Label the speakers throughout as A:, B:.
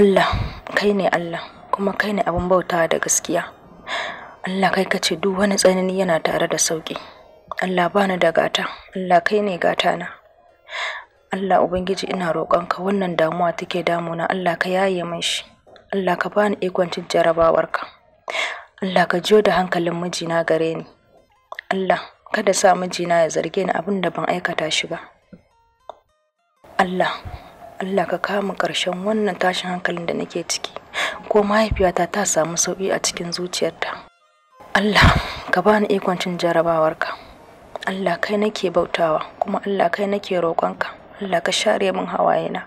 A: Allah kai ne Allah kuma kai ne abin bauta da gaskiya Allah kai kace duk wani tsanani yana tare da sauki Allah bani da gata Allah kai ne gata na Allah ubangiji ina roƙonka wannan damuwa take damuna Allah ka yaye min shi Allah ka bani ikon cin jarabawarka Allah ka jiyo da hankalin mijina gare ni Allah kada sa mijina ya zarge ni abin da ban aikata shi ba Allah Allah ka kama ƙarshen wannan tashin hankalin da nake ciki ko mahaifiyata ta samu sauƙi a cikin zuciyarta Allah ka bani ikon cin jarabawarka Allah kai nake bautawa kuma Allah kai nake roƙonka Allah ka share min hawayena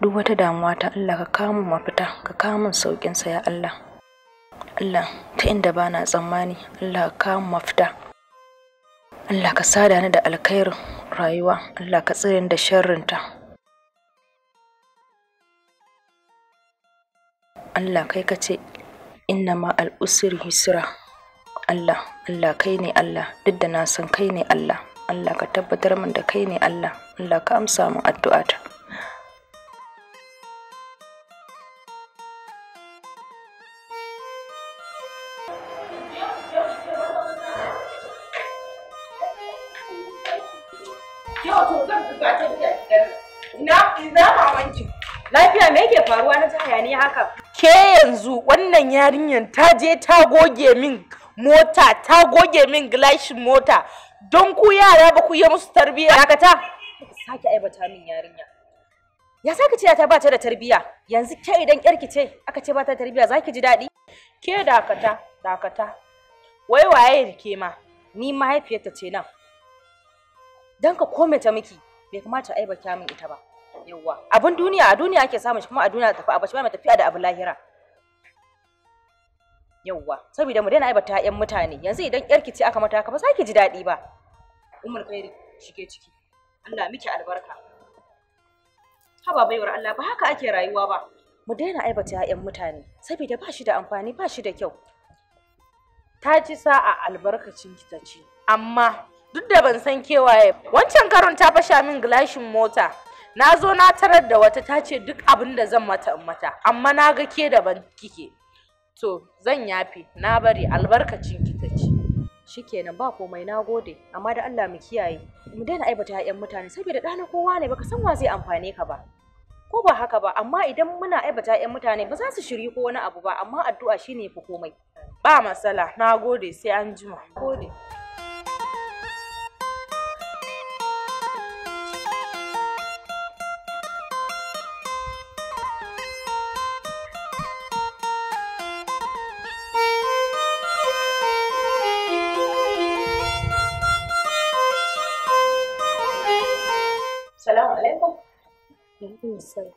A: duk wata damuwa ta Allah ka kama mafita ka kama sa ya Allah Allah ta inda bana tsammani Allah ka kama mafita Allah ka sada ni da alkhairin rayuwa Allah ka tsirin da sharrinta Allah kai ka ce inna ma al’usir hisira. Allah Allah kai ne Allah duk da na san kai ne Allah Allah ka tabbatar min da kai ne Allah Allah ka amsa min addu'ata Lafiya me yake faruwa na ya ni haka? ke yanzu wannan yarinyar ta je ta goge min mota ta goge min gilashin mota don ku yara ba ku yi musu tarbiyya dakata sake aibata min yarinya ya sake ce ta bata da tarbiyya yanzu ke idan kirki ce aka ce bata tarbiyya zaki ji daɗi ke dakata dakata wai waye rike ma ni mahaifiyarta ce nan don ka kome ta miki bai kamata aibata min ita ba yawa abin duniya a duniya ake samun shi kuma a duniya tafi abashi ba mai tafiya da abu lahira yawa saboda mu daina aibata ƴan mutane yanzu idan ƴarki ce aka mata ka ba za ki ji daɗi ba umar kai shige ciki Allah miki albarka haba baiwar Allah ba haka ake rayuwa ba mu daina aibata 'yan mutane saboda ba shi da amfani ba shi da kyau ta ci sa'a albarkacin ki ta ci amma duk da ban san kewaye wancan karon ta fasha min gilashin mota na zo na tarar da wata ta ce duk abin da zan mata in mata amma na ga ke daban kike to zan yafe na bari albarkacin ki ta ci shikenan ba komai na gode amma da Allah mu kiyaye mu daina aibata 'ya'yan mutane saboda ɗana kowa ne baka san wa zai amfane ka ba ko ba haka ba amma idan muna aibata 'yan mutane ba za su shiri ko wani abu ba amma addu'a shine fi komai ba matsala na gode sai an jima gode justiça.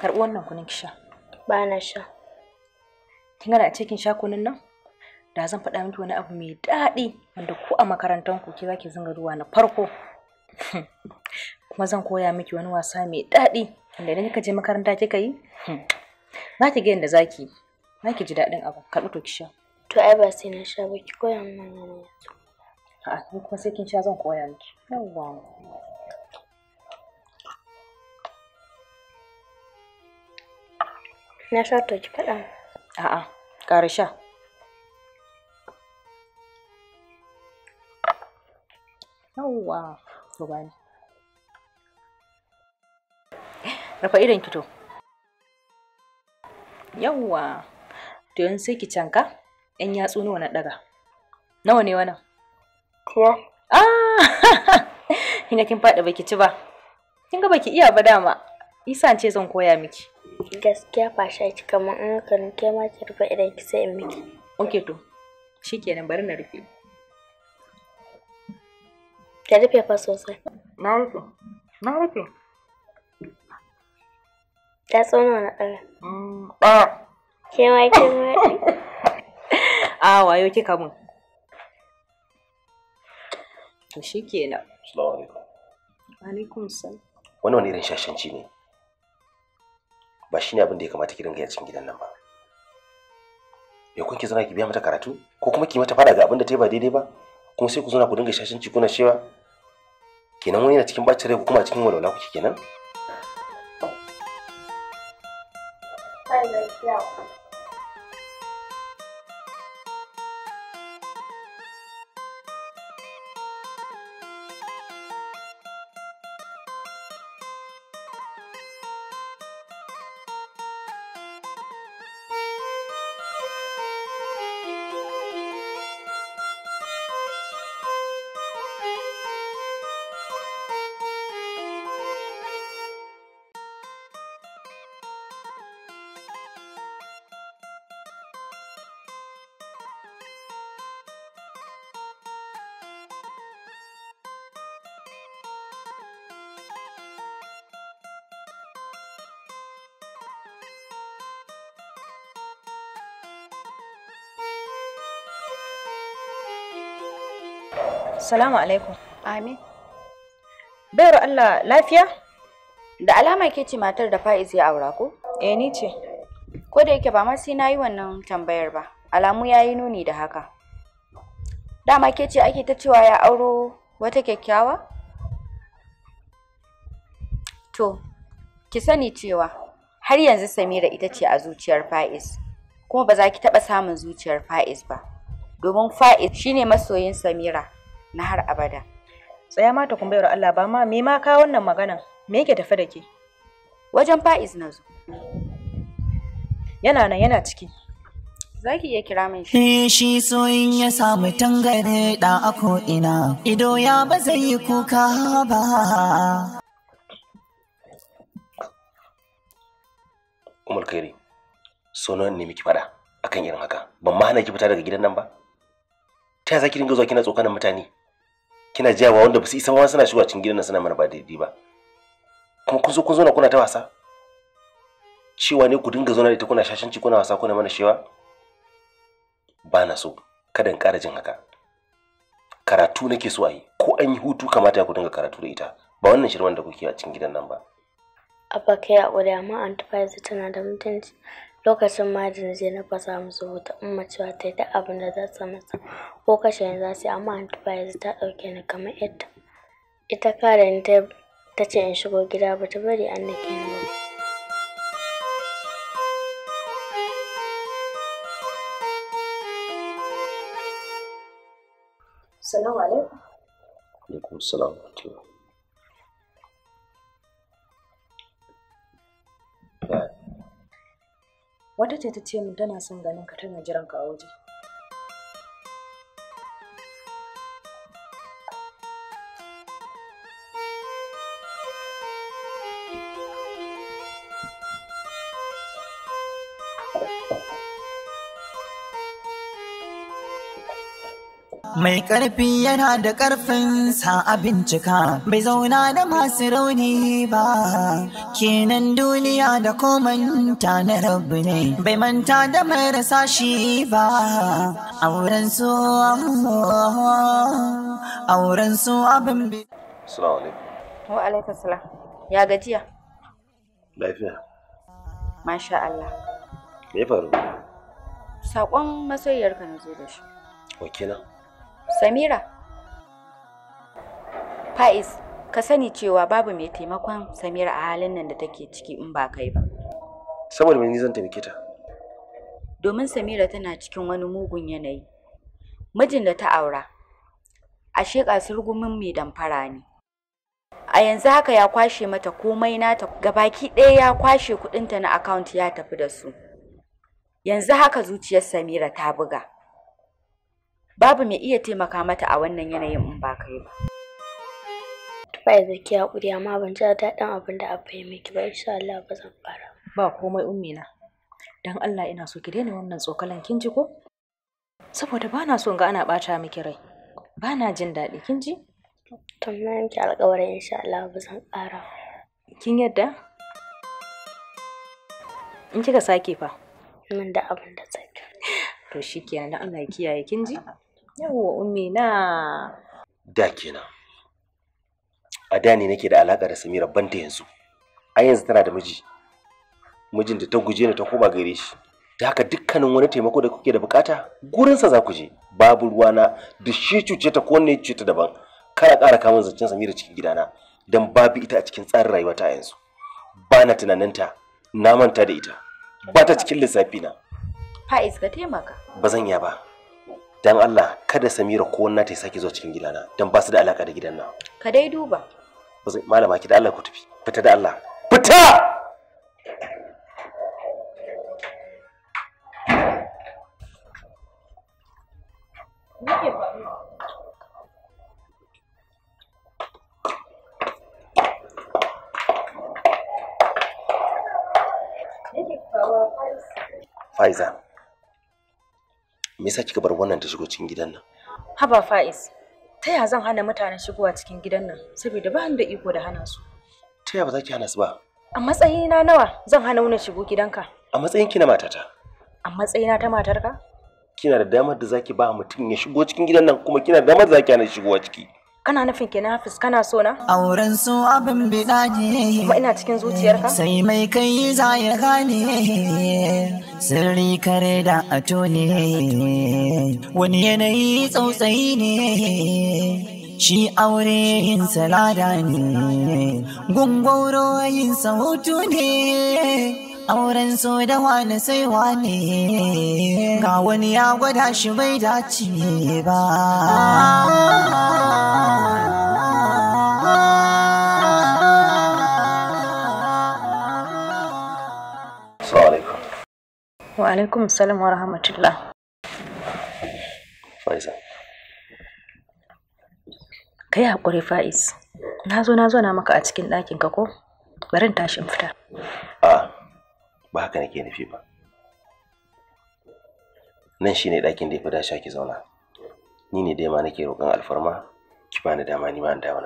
A: karɓi wannan kunin ki sha ba na sha kin gana a cikin sha kunin nan da zan faɗa miki wani abu mai daɗi wanda ko a makarantar ku ke zaki zanga ruwa na farko kuma zan koya miki wani wasa mai daɗi wanda idan kika je makaranta kika yi za ki ga yadda ki? za ki ji daɗin abu karɓi to ki sha to ai ba sai na sha ba ki koya min nan yanzu a'a kuma sai kin sha zan koya miki yawwa na sha to ki faɗa a'a ƙara sha yawwa to bani rufe idan ki to yawwa to yanzu sai ki canka yan yatsu nawa na daga nawa ne wannan kuwa ah kin kin faɗa baki ci ba kin ga baki iya ba dama isa ce zan koya miki
B: Gaskiya ba fasha ki kamar an kan kai ma ki rufe idan ki sai in miki.
A: Okay to. shi kenan bari na rufe.
B: Ka rufe fa sosai.
A: Na rufe. Na rufe. Ta tsona na ɗaya. Ɗaya. Mm, ke
C: ma ke ma.
A: A wayo kika mun. To kenan. Salamu alaikum. Alaikum salam.
C: Wani wani irin shashanci ne? ba shine abin da ya kamata ki dinga yi a cikin gidan nan ba ya kun ki zana ki biya mata karatu ko kuma ki mata fada ga abin da ta yi ba daidai ba kuma sai ku zana ku dinga shashanci kuna cewa kenan wani yana cikin bacin rai kuma cikin walwala kuke kenan
A: Salamu alaikum. Amin.
B: Bairu Allah lafiya? Da alama ke ce matar da Faiz ya aura ko? Eh ni ce. Ko da yake ba ma sai na yi wannan tambayar ba. Alamu ya yi nuni da haka. Dama ke ce ake ta cewa ya auro wata kyakkyawa? To, ki sani cewa har yanzu Samira ita ce a zuciyar Faiz. Kuma ba za ki taɓa samun zuciyar Faiz ba. Domin Faiz shine masoyin Samira. na har abada tsaya mata bayar
A: Allah ba ma me ma ka wannan magana? me yake tafi da ke
B: wajen fa'iz na zo
A: yana nan yana ciki za ki iya kira min
B: shi.
D: Shi soyin ya samu tangare da a ina. ido ya ba zai yi kuka ba.
C: Umar Kairi, na ne miki faɗa akan irin haka, ban ma hana ki fita daga gidan nan ba. Ta za ki dinga zuwa kina tsokanin mutane? kina jawa wanda ba su isa ba suna shigowa cikin gidan suna mana ba daidai ba kuma kun zo kun zauna kuna ta wasa cewa ne ku dinga zauna da ita kuna shashanci kuna wasa kuna mana shewa ba na so kada in ƙara jin haka karatu nake so a yi ko an yi hutu kamata ku dinga karatu da ita ba wannan shirman da kuke a cikin gidan nan ba
B: abba kai a ƙuri amma antiphasis tana da mutunci lokacin ma da naje na fasa musu wuta umma cewa ta yi duk abin da za su masa ko kashe ni za su yi amma anti yanzu ta ɗauke ni kamar yadda ita kare ni ta ce in shigo gida ba ta bari an nake ni ba
A: Salamu alaikum.
C: Alaikum salam wa rahmatullahi.
A: wata ce ta ce min tana son ganin ka tana jiran ka a waje
D: Mai ƙarfi yana da ƙarfinsa sa a bincika, bai zauna da masu rauni ba. Kenan duniya da komanta na rabu ne, bai manta da marasa shi ba. Auren su auren su abin bi. Salamu
B: alaikum. Wa alaikum Ya gajiya? Lafiya. Masha Allah. Me faru? Saƙon masoyiyarka na zo da shi. Wakina. Samira. Faiz, ka sani cewa babu mai taimakon Samira a halin nan da take ciki in ba kai ba.
C: Saboda me zan taimake ta?
B: Domin Samira tana cikin wani mugun yanayi. Mijin da ta aura, ashe kasurgumin mai damfara ne. A yanzu haka ya kwashe mata komai nata gabaki ɗaya ya kwashe kuɗinta na akaunt ya tafi da su. Yanzu haka zuciyar Samira ta buga. babu mai iya taimaka mata a wannan yanayin in ba kai ba tufa yanzu ki hakuri amma ban ji daɗin abin da abba ya miki ba insha Allah ba zan fara
A: ba komai na. dan Allah ina so ki daina wannan tsokalan kin ji ko saboda bana son ga ana ɓata miki rai bana jin daɗi kin ji to na yanke alƙawari insha Allah ba zan ƙara kin yadda in kika sake fa Mun da abin da zan to shikenan dan Allah ya kiyaye kin ji Yawwa ummi Da
C: kenan. A da ne nake da alaka da Samira banta yanzu. A yanzu tana da miji. da ta guje ni ta koma gare shi. Da haka dukkanin wani taimako da kuke da bukata gurinsa za ku je. Babu ruwana da shi cuce ta ko cuce ta daban. Kada ƙara kamun zancen Samira cikin gidana. Dan babu ita a cikin tsarin rayuwa ta yanzu. Ba na tunaninta na manta da ita. Ba ta cikin lissafina.
B: Fa'iz ka taimaka.
C: Ba zan ba. dan Allah kada Samira ko wannan ta sake zuwa cikin gidana dan ba su da alaka da gidan nan
B: ka dai duba
C: malama ki da Allah ku tafi fita da Allah fita Faiza. me yasa kika bar wannan ta shigo cikin gidan nan
A: haba fa'is ta ya zan hana mutane shigowa cikin gidan nan saboda ba da iko da hana su
C: ta ya ba za ki hana su ba
A: a matsayina nawa zan hana wani shigo gidanka
C: a matsayin kina matata
A: a matsayina ta matarka
C: kina da damar da zaki ba mutum ya shigo cikin gidan nan kuma kina da damar da zaki hana shigowa ciki
A: kana nufin kenan hafiz kana so na
D: auren su abin bida ne kuma ina cikin zuciyarka sai mai kai za ya gane sirri kare da ato ne wani yanayi tsautsayi ne shi aure yin salada ne gungoro yin sautu ne auren so da wani sai wane ga wani ya gwada shi bai dace ba
A: wa alaikum salam wa rahmatullah fa'iza kai haƙuri fa'is na zo na zo na maka a cikin ɗakin ka ko bari tashin fita
C: a ah. ba haka nake nufi ba nan shine ɗakin da ya fi dace ki zauna ni ne dai ma nake roƙon alfarma ki bani dama ni ma in dawo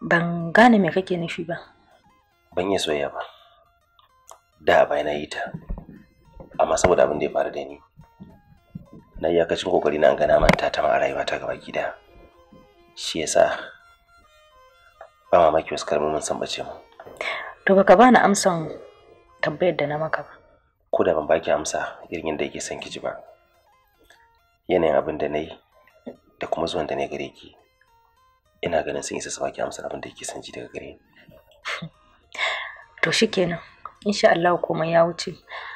A: ban gane me kake nufi ba
C: ban iya soyayya ba da a baya yi ta amma saboda abin da ya faru da ni na iyakacin kokari na gana manta ta ma a rayuwa ta gaba gida shi yasa ba mamaki wasu kalmomin san bace mu
A: to baka bani amsan tambayar da na maka
C: ba ko da ban baki amsa irin yadda yake son ki ji ba yanayin abin da na yi da kuma zuwan da na gare ki ina ganin sun isa su amsa abin da yake son ji daga gare
A: to shikenan insha Allah komai ya wuce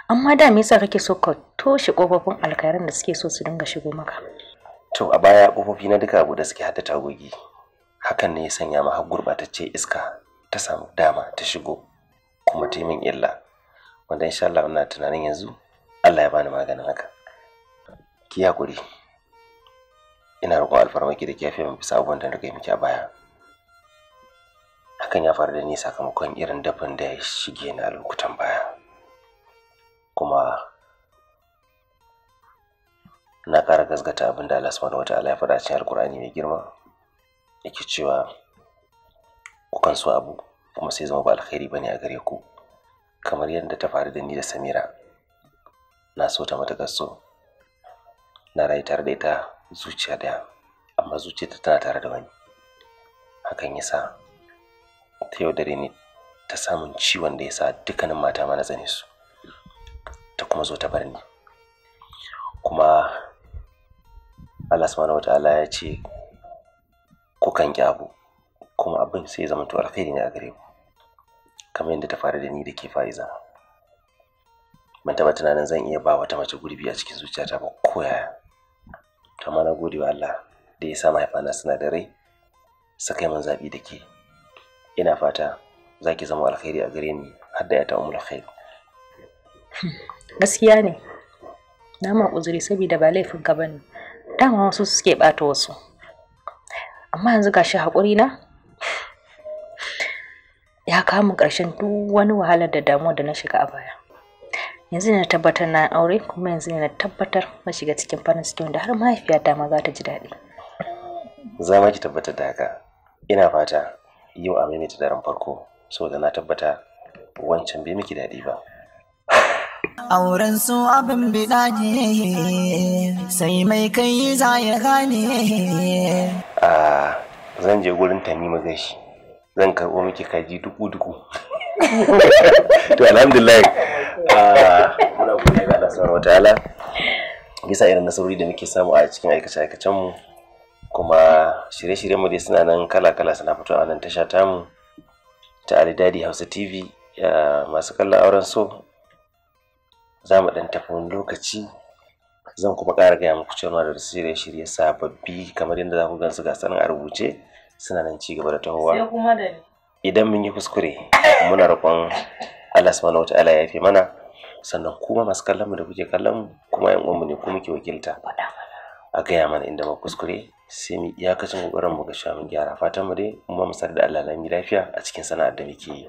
A: amma da me yasa kake so ka toshe kofofin alkairan da suke so su dinga shigo maka
C: to a baya kofofi na duka abu da suke hada tagogi hakan ne ya sanya ma har gurbatacce iska ta samu dama ta shigo kuma ta min illa wanda insha Allah muna tunanin yanzu Allah ya bani maganin haka ki hakuri ina roƙon alfarmaki da kiyaye min bisa abubuwan da na gaya miki a baya hakan ya faru da ni sakamakon irin dafin da ya shige na a lokutan baya kuma na ƙara gasgata abin da Allah subhanahu wata'ala ya faɗa cikin alkur'ani mai girma yake cewa kukan so abu kuma sai zama ba alkhairi bane a gare ku kamar yadda ta faru da ni da samira na so ta matuƙar so na rayu tare da ita zuciya daya amma zuciyarta tana tare da wani hakan yasa ta yaudare ni ta samun ciwon da ya sa dukkanin mata mana zane su ta kuma zo ta bar ni kuma Allah subhanahu wataala ya ce kukan ƙi abu kuma abin sai zama to alkhairi ne a gare ku kamar yadda ta fara da ni da ke fa'iza ban taɓa tunanin zan iya ba wata mace gurbi a cikin zuciyata ba ko yaya To amma na gode wa Allah da ya sa mahaifana suna da rai sakai min zaɓi da ke ina fata za ki zama alkhairi a gare ni har da ta umar khair
A: gaskiya ne na ma uzuri saboda ba laifin ka bane dama wasu suke bata wasu amma yanzu gashi haƙuri na ya kama ƙarshen duk wani wahalar da damuwa da na shiga a baya yanzu na tabbatar na aure kuma yanzu na tabbatar na shiga cikin farin ciki wanda har mahaifiyata ma za ta ji daɗi
C: za ma ki tabbatar da haka ina fata yau a maimaita daren farko saboda na tabbata wancan bai miki daɗi ba
D: auren su abin bida ne sai mai kai za ya gane
C: a ah, zan je gurin tamima gashi zan karɓo miki kaji duku duku to alhamdulillah ah, muna godiya ga Allah subhanahu wataala bisa irin nasarori da muke samu a cikin aikace aikacen mu kuma shirye-shiryen mu dai suna nan kala-kala suna fito a nan tasha tamu ta Alidadi Hausa TV ah, masu kallon auren so za mu ɗan tafi wani lokaci zan kuma ƙara gaya muku cewa da shirye-shirye sababbi kamar yadda za ku gansu ga sanin a rubuce suna nan ci gaba da tahowa idan mun yi kuskure muna roƙon Allah subhanahu wataala ya yafe mana sannan kuma masu kallon mu da kuke kallon mu kuma yan uwan mu ne kuma muke wakilta a gaya mana inda mu kuskure sai mu iyakacin kokarin mu ga sha mun gyara fatan mu dai mu mu da Allah lami lafiya a cikin sana'ar da muke yi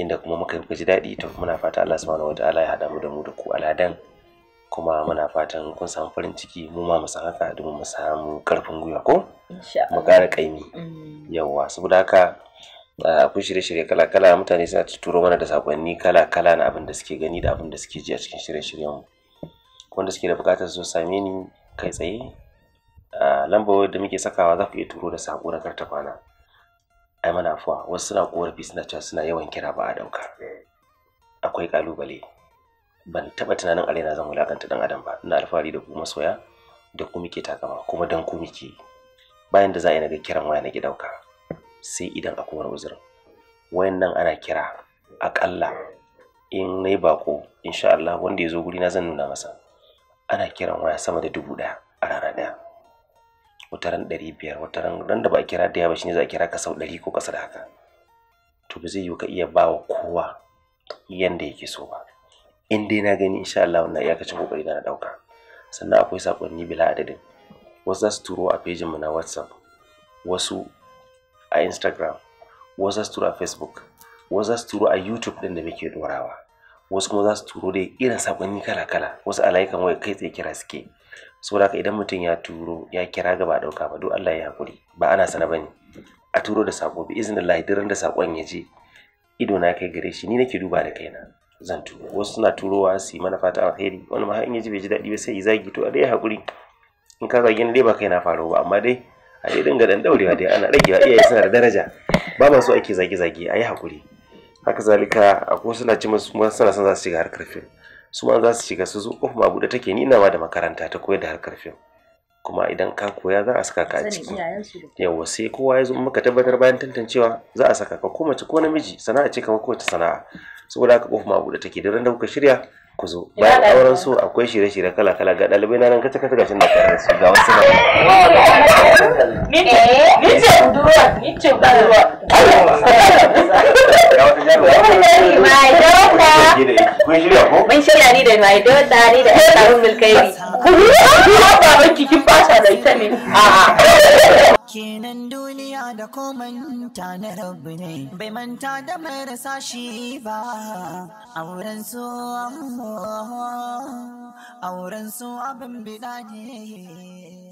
C: inda kuma muka yi ji daɗi to muna fata Allah subhanahu wataala ya haɗa mu da mu da ku aladan kuma muna fatan kun samu farin ciki mu ma mu san haka domin mu samu karfin gwiwa ko mu ƙara kaimi mm. yawa saboda haka ah, akwai shirye-shirye kala-kala mutane suna turo mana da sakonni kala-kala na abin da suke gani da abin da suke ji a cikin shirye-shiryen wanda suke da bukatar su same ni kai tsaye ah, lambar da muke sakawa za ku iya turo da sako na karta kwana ai mana afuwa wasu suna korafi suna cewa suna yawan kira ba a dauka akwai ƙalubale. ban taba tunanin a raina zan wulakanta dan adam ba ina alfahari da ku masoya da ku muke takama kuma dan ku muke bayan da za a yi na ga kiran waya na ki ɗauka sai idan akwai wani uzurin wayan nan ana kira aƙalla in na bako insha Allah wanda ya zo guri na zan nuna masa ana kiran waya sama da dubu daya a rana ɗaya wataran ɗari biyar wataran ran da ba a kira da yawa shine za a kira ka sau ɗari ko kasa da haka to ba zai yiwu ka iya ba wa kowa yanda yake so ba in dai na gani insha Allah wannan iyakacin kokari na dauka sannan akwai sakonni bila adadin wasu za su turo a pejin mu na WhatsApp wasu a Instagram wasu za su turo a Facebook wasu za su turo a YouTube din da muke dorawa wasu kuma za su turo dai irin sakonni kala kala wasu alaikan waya kai tsaye kira suke saboda haka idan mutum ya turo ya kira gaba dauka ba duk Allah ya hakuri ba ana sana bane a turo da sako bi izinin duk da sakon ya je ido na kai gare shi ni nake duba da kaina zan turo wasu suna turowa su yi mana fata alheri wani ma in yaji bai ji daɗi ba sai ya zagi to a dai haƙuri in ka zagi ne dai ba kai na faru ba amma dai a dai dinga dan daurewa dai ana ragewa iyaye suna da daraja ba ma so ake zage-zage a yi hakuri haka zalika ko suna ci musu suna son za su shiga harkar fim su ma za su shiga su zo kofa ma buɗe take ni ina ma da makaranta ta koyar da harkar fim kuma idan ka koya za a saka ka a ciki yawa sai kowa ya zo muka tabbatar bayan tantancewa za a saka ka ko mace ko namiji sana'a ce kamar kowace sana'a saboda haka kofa ma buɗe take da ran da kuka shirya ku zo bayan auren su akwai shirye-shirye kala-kala ga ɗalibai na nan kace gashin na kare su ga wasu na
A: shirya ni da my da ba banki kin
D: kenan duniya da komanta na rabu ne bai manta da marasa shi ba auren su auren su abin bida ne